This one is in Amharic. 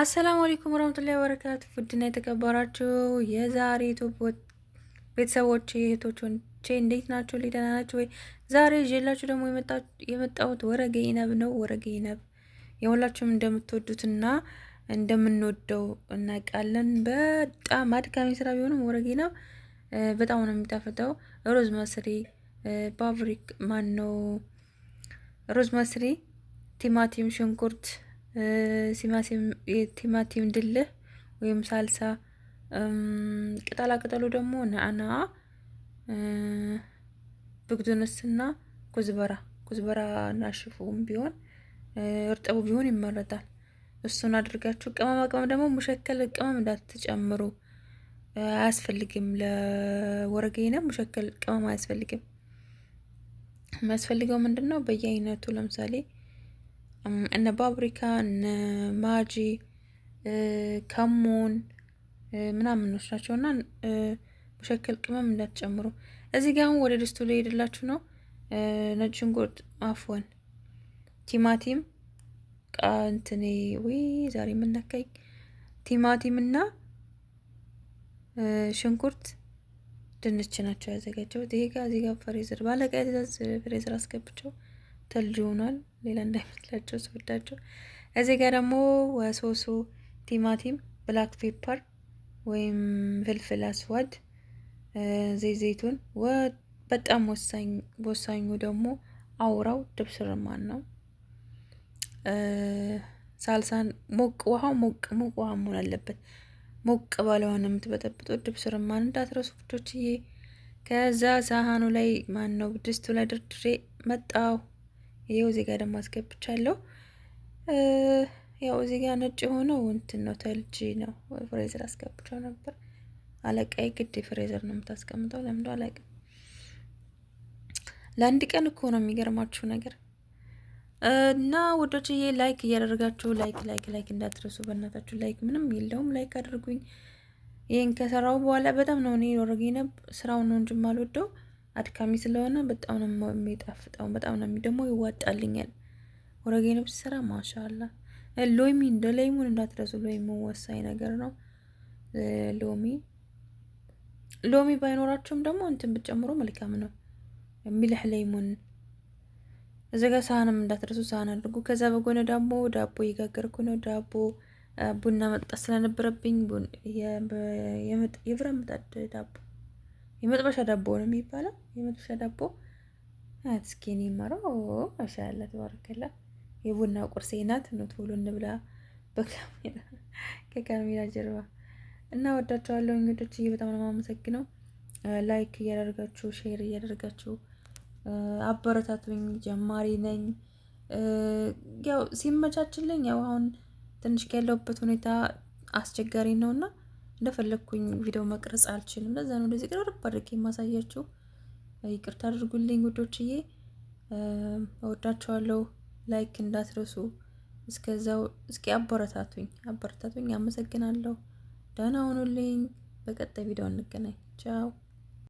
አሰላሙ አለይኩም ወራህመቱላሂ ወበረካቱ። ውድና የተከበራችሁ የዛሬ ዩቲዩብ ቤተሰቦች እህቶች ወንቼ እንዴት ናችሁ? ደህና ናችሁ ወይ? ዛሬ ይዤላችሁ ደግሞ የመጣሁት ወረቀ ኢነብ ነው። ወረገ ይነብ የሁላችሁም እንደምትወዱትና እንደምንወደው እናውቃለን። በጣም አድካሚ ስራ ቢሆንም ወረገ ይነብ በጣም ነው የሚጣፍጠው። ሮዝ መስሪ፣ ባብሪክ ማን ነው ሮዝ መስሪ፣ ቲማቲም፣ ሽንኩርት ቲማቲም ድልህ ወይም ሳልሳ ቅጠላ ቅጠሉ ደግሞ ነአና ብግዱንስና ኩዝበራ ኩዝበራ ናሽፉም ቢሆን እርጥቡ ቢሆን ይመረጣል። እሱን አድርጋችሁ ቅመማ ቅመም ደግሞ ሙሸከል ቅመም እንዳትጨምሩ አያስፈልግም። ለወረጌነ ሙሸከል ቅመም አያስፈልግም። የሚያስፈልገው ምንድን ነው? በየአይነቱ ለምሳሌ እነ ባብሪካ እነ ማጂ ከሞን ምናምኖች ናቸው እና ሙሸከል ቅመም እንዳትጨምሩ። እዚህ ጋ አሁን ወደ ድስቱ ላይ ሄድላችሁ ነው። ነጭ ሽንኩርት አፎን ቲማቲም ቃንትኔ ወይ ዛሬ የምነካኝ ቲማቲም እና ሽንኩርት ድንች ናቸው ያዘጋጀሁት። ይሄ ጋር እዚህ ጋር ፍሬዘር ባለቀ ፍሬዘር አስገብቸው ተልጅ ሆኗል። ሌላ እንዳይመስላቸው ስወዳቸው። እዚህ ጋር ደግሞ ሶሶ ቲማቲም፣ ብላክ ፔፐር ወይም ፍልፍል አስዋድ፣ ዘይዘይቱን ዘይቱን፣ በጣም ወሳኙ ደግሞ አውራው ድብስ ርማን ነው። ሳልሳን ሞቅ ውሃው ሞቅ ሞቅ ውሃ መሆን አለበት። ሞቅ ባለሆነ የምትበጠብጡት ድብስ ርማን እንዳትረሱ ፍቶችዬ። ከዛ ሳህኑ ላይ ማን ነው ድስቱ ላይ ድርድሬ መጣው። ይሄው እዚህ ጋር ደግሞ አስገብቻለሁ። ያው እዚህ ጋር ነጭ የሆነው እንትን ነው ተልጂ ነው። ፍሬዘር አስገብቸው ነበር። አለቃይ ግድ ፍሬዘር ነው የምታስቀምጠው ለምዶ አለቀ። ለአንድ ቀን እኮ ነው የሚገርማችሁ ነገር እና ወዶችዬ ላይክ እያደረጋችሁ ላይክ ላይክ ላይክ እንዳትረሱ በእናታችሁ። ላይክ ምንም የለውም ላይክ አድርጉኝ። ይህን ከሰራው በኋላ በጣም ነው እኔ ወረጌ ስራውን ነው እንጂ የማልወደው አድካሚ ስለሆነ በጣም ነው የሚጣፍጠው። በጣም ነው ደግሞ ይዋጣልኛል። ወረጌን ብትሰራ ማሻላ ሎሚ እንደ ለይሙን እንዳትረሱ። ሎሚ ወሳኝ ነገር ነው። ሎሚ ሎሚ ባይኖራችሁም ደግሞ እንትን ብትጨምሩ መልካም ነው። የሚልህ ለይሙን እዚ ጋር ሳህንም እንዳትረሱ፣ ሳህን አድርጉ። ከዛ በጎነ ዳቦ ዳቦ እየጋገርኩ ነው። ዳቦ ቡና መጣ ስለነበረብኝ የብረት ምጣድ ዳቦ የመጥበሻ ዳቦ ነው የሚባለው። የመጥበሻ ዳቦ አትስኪን ይመረው ማሻአላ ተባረከላ። የቡና ቁርሴ ናት ነው። ቶሎ እንብላ በካሜራ ከካሜራ ጀርባ እና ወዳቸዋለሁ እንግዶች፣ በጣም ነው የማመሰግነው። ላይክ እያደረጋችሁ ሼር እያደረጋችሁ አበረታቱኝ። ጀማሪ ነኝ። ያው ሲመቻችልኝ ያው አሁን ትንሽ ካለሁበት ሁኔታ አስቸጋሪ ነውና እንደፈለግኩኝ ቪዲዮ መቅረጽ አልችልም። ለዛ ነው እንደዚህ ቅርብ አድርጌ የማሳያችሁ። ይቅርታ አድርጉልኝ ውዶችዬ፣ እወዳችኋለሁ። ላይክ እንዳትረሱ። እስከዛው እስኪ አበረታቱኝ አበረታቱኝ። አመሰግናለሁ። ደህና ሁኑልኝ። በቀጣይ ቪዲዮ እንገናኝ። ቻው